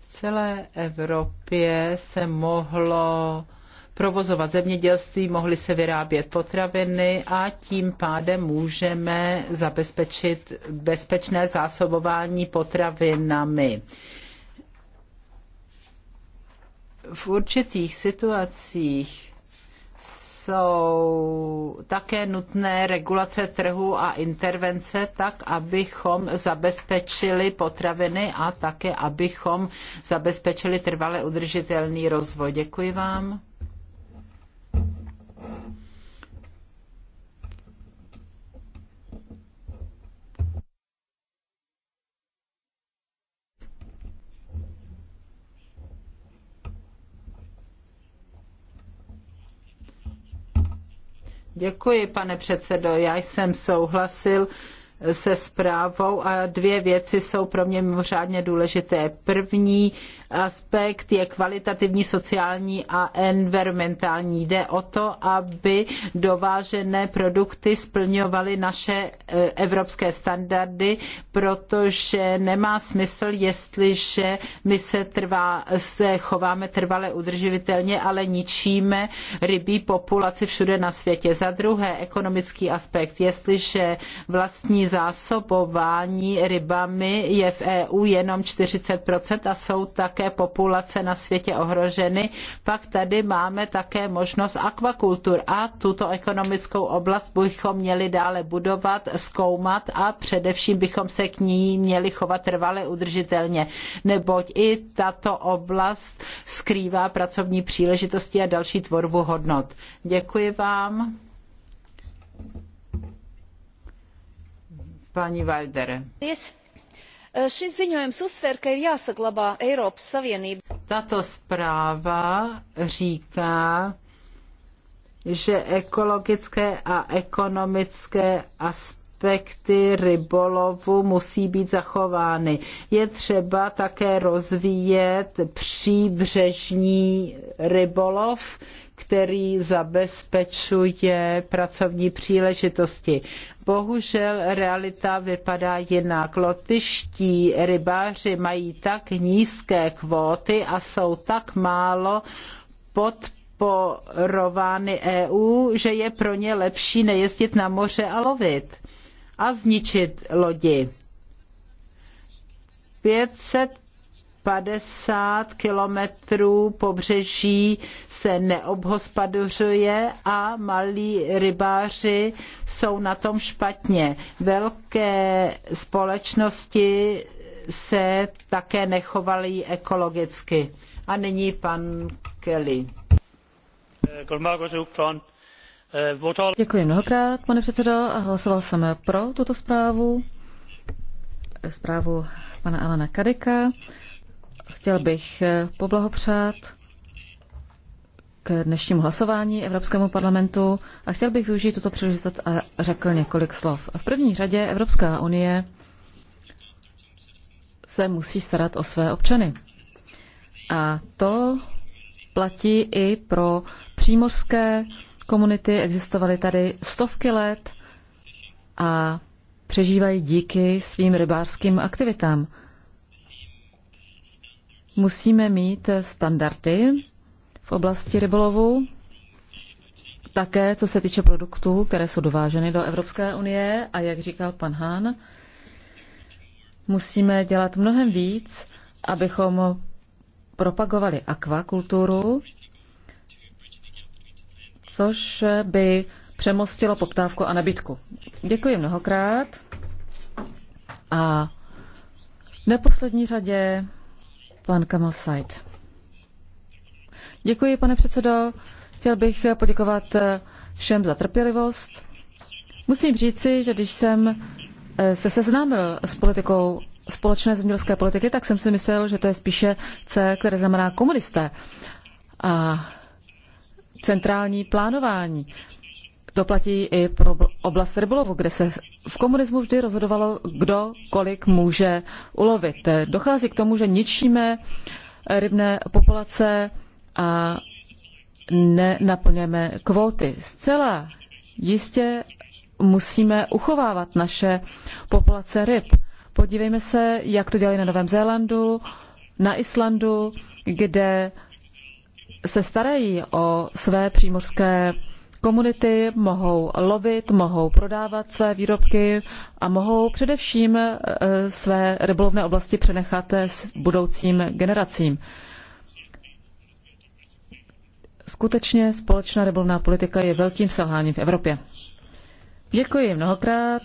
Speaker 3: v celé Evropě se mohlo provozovat zemědělství, mohly se vyrábět potraviny a tím pádem můžeme zabezpečit bezpečné zásobování potravinami. V určitých situacích jsou také nutné regulace trhu a intervence tak, abychom zabezpečili potraviny a také, abychom zabezpečili trvale udržitelný rozvoj. Děkuji vám. Děkuji, pane předsedo. Já jsem souhlasil se zprávou a dvě věci jsou pro mě mimořádně důležité. První aspekt je kvalitativní, sociální a environmentální. Jde o to, aby dovážené produkty splňovaly naše eh, evropské standardy, protože nemá smysl, jestliže my se, trvá, se chováme trvale udržitelně, ale ničíme rybí populaci všude na světě. Za druhé, ekonomický aspekt. Jestliže vlastní zásobování rybami je v EU jenom 40% a jsou tak velké populace na světě ohroženy, pak tady máme také možnost akvakultur a tuto ekonomickou oblast bychom měli dále budovat, zkoumat a především bychom se k ní měli chovat trvale udržitelně, neboť i tato oblast skrývá pracovní příležitosti a další tvorbu hodnot. Děkuji vám. Paní Waldere. Yes. Eh, šis ziņojums uzsver, ka ir jāsaglabā Eiropas Savienība. Tato zpráva říká, že ekologické a ekonomické aspekty rybolovu musí být zachovány. Je třeba také rozvíjet příbřežní rybolov, který zabezpečuje pracovní příležitosti. Bohužel realita vypadá jinak. Lotyští rybáři mají tak nízké kvóty a jsou tak málo pod podporovány EU, že je pro ně lepší nejezdit na moře a lovit a zničit lodi. 500 50 kilometrů pobřeží se neobhospodařuje a malí rybáři jsou na tom špatně. Velké společnosti se také nechovaly ekologicky. A nyní pan Kelly.
Speaker 1: Děkuji
Speaker 2: mnohokrát, pane předsedo. Hlasoval jsem pro tuto zprávu, zprávu pana Alana Kadeka. Chtěl bych eh, poblahopřát k dnešnímu hlasování Evropskému parlamentu a chtěl bych využít tuto příležitost a řekl několik slov. V první řadě Evropská unie se musí starat o své občany. A to platí i pro přímořské komunity. Existovaly tady stovky let a přežívají díky svým rybářským aktivitám musíme mít standardy v oblasti rybolovu, také co se týče produktů, které jsou dováženy do Evropské unie a jak říkal pan Hán, musíme dělat mnohem víc, abychom propagovali akvakulturu, což by přemostilo poptávku a nabídku. Děkuji mnohokrát a v neposlední řadě Pan Kamal Said. Děkuji, pane předsedo. Chtěl bych poděkovat eh, všem za trpělivost. Musím říci, že když jsem eh, se seznámil s politikou společné zemědělské politiky, tak jsem si myslel, že to je spíše C, které znamená komunisté. A centrální plánování. To platí i pro oblast rybolovu, kde se v komunismu vždy rozhodovalo, kdo kolik může ulovit. Dochází k tomu, že ničíme rybné populace a nenaplňujeme kvóty. Zcela jistě musíme uchovávat naše populace ryb. Podívejme se, jak to dělají na Novém Zélandu, na Islandu, kde se starají o své přímořské komunity mohou lovit, mohou prodávat své výrobky a mohou především eh, své rybolovné oblasti přenechat eh, s budoucím generacím. Skutečně společná rybolovná politika je velkým selháním v Evropě. Děkuji mnohokrát.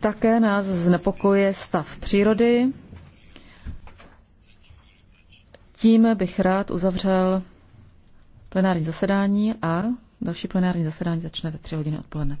Speaker 2: Také nás znepokojuje stav přírody tím bych rád uzavřel plenární zasedání a další plenární zasedání začne ve tři hodiny odpoledne.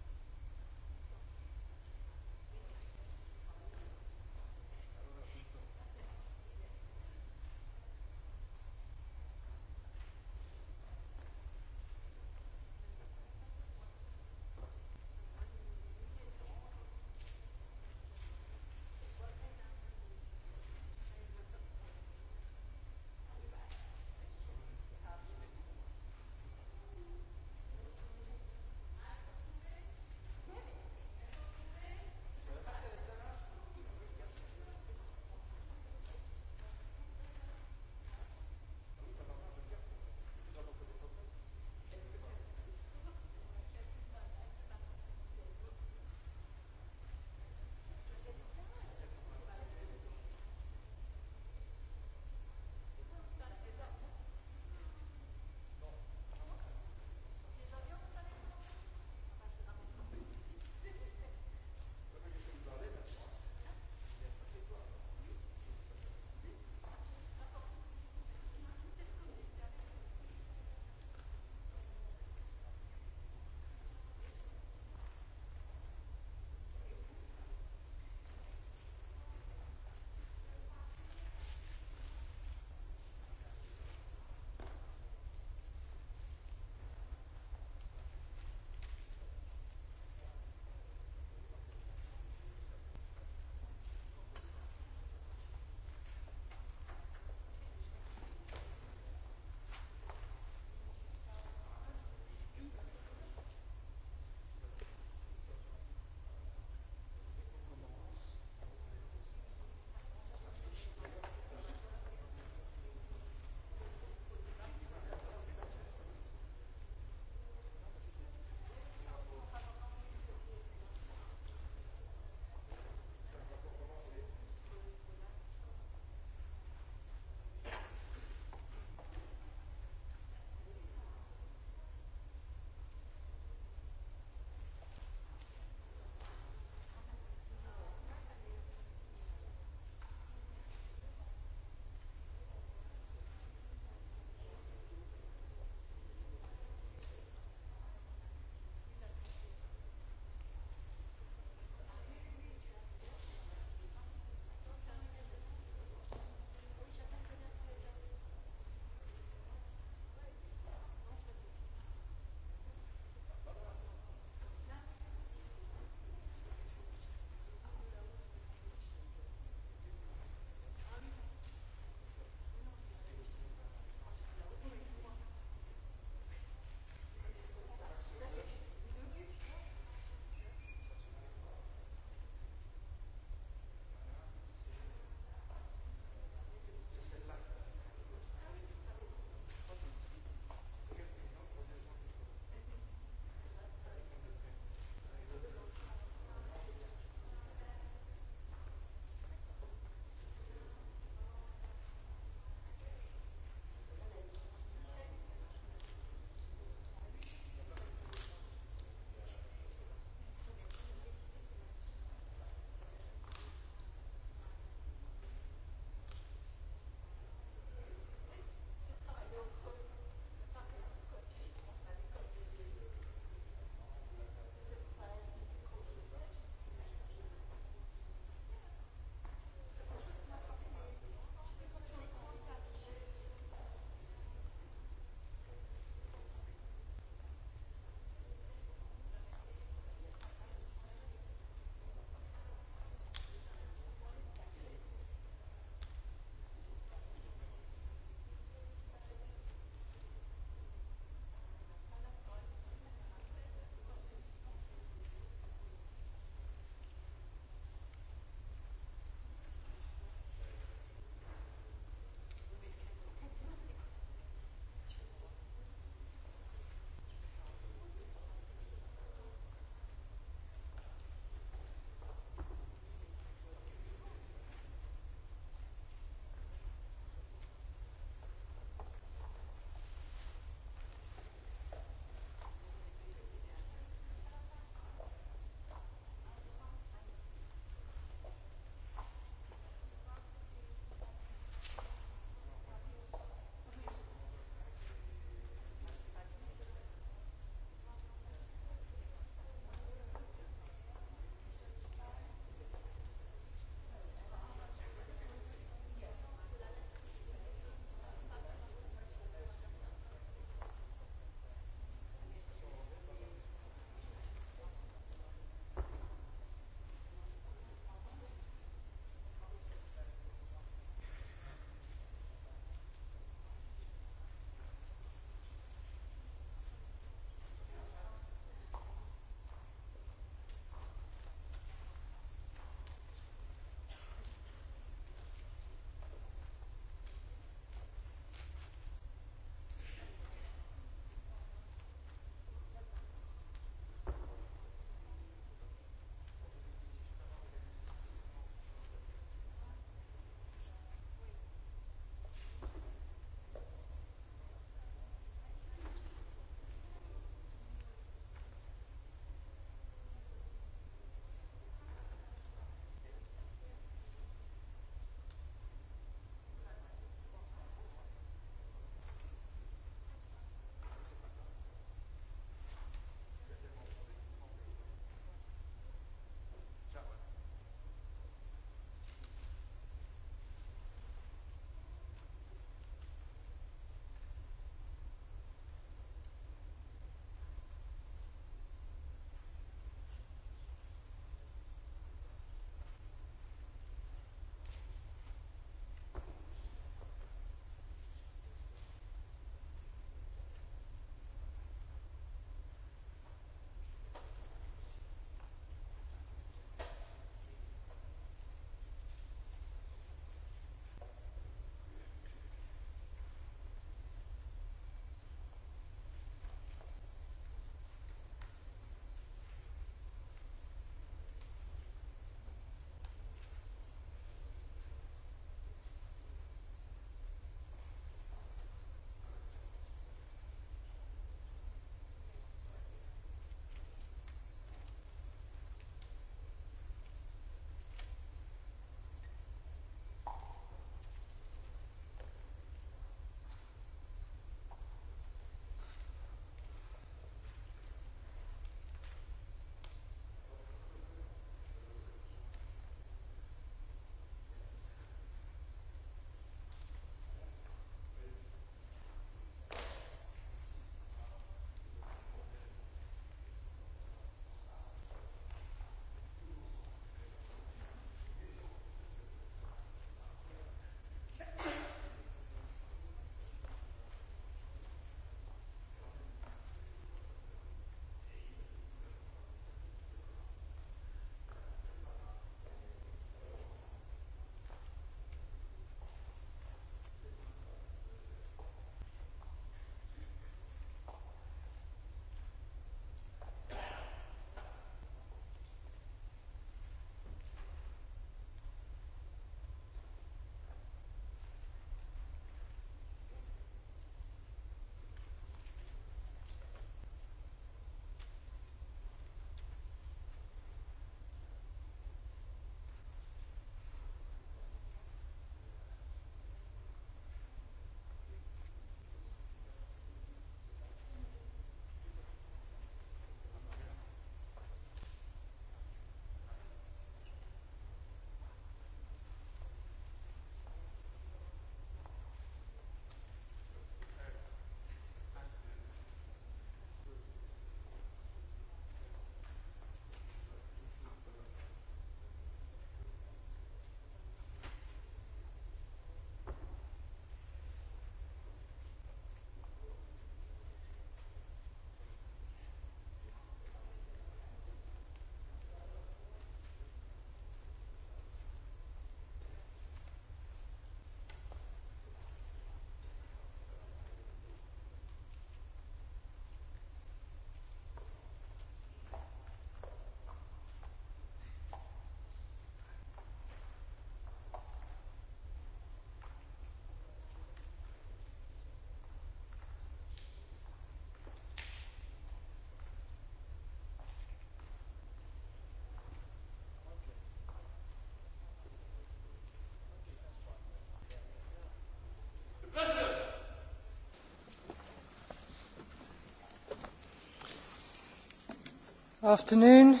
Speaker 5: afternoon.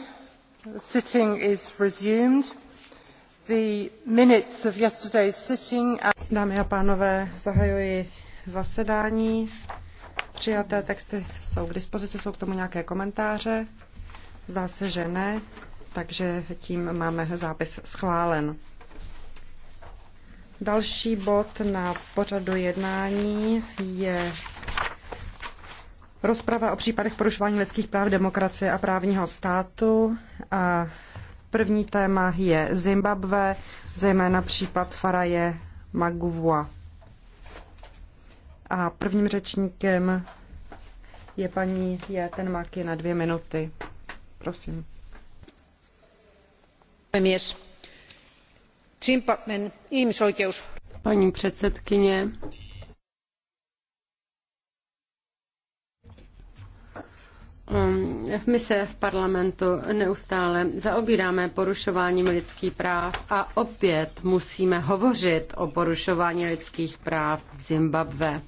Speaker 5: the sitting is resumed. the minutes of yesterday's sitting. dámy a pánové zahajuji zasedání. přijaté texty jsou k dispozici jsou k tomu nějaké komentáře? zdá se že ne takže tím máme zápis schválen. Další bod na pořadu jednání je Rozprava o případech porušování lidských práv, demokracie a právního státu. A první téma je Zimbabwe, zejména případ Faraje Maguvua. A prvním řečníkem je paní ten Maki na dvě minuty. Prosím. Paní předsedkyně, Um, my se v parlamentu neustále zaobíráme porušováním lidských práv a opět musíme hovořit o porušování lidských práv v Zimbabve.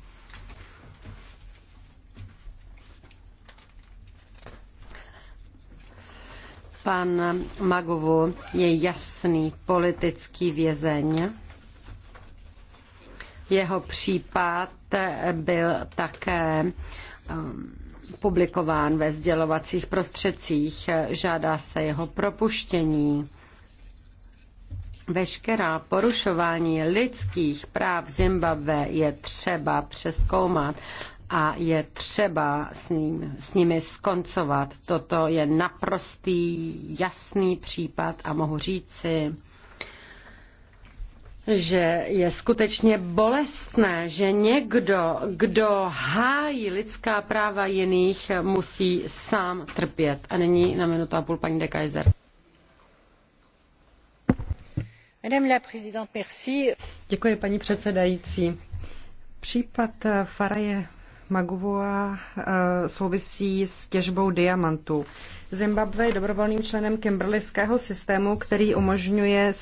Speaker 5: Pan Magovu je jasný politický vězeň. Jeho případ byl také um, publikován ve sdělovacích prostředcích, žádá se jeho propuštění. Veškerá porušování lidských práv Zimbabwe je třeba přeskoumat a je třeba s, ním, s nimi skoncovat. Toto je naprostý, jasný případ a mohu říci, že je skutečně bolestné, že někdo, kdo hájí lidská práva jiných, musí sám trpět. A nyní na minutu a půl paní de Kaiser. Děkuji, paní předsedající. Případ Faraje Maguvua eh, souvisí s těžbou diamantů. Zimbabwe je dobrovolným členem Kimberlyského systému, který umožňuje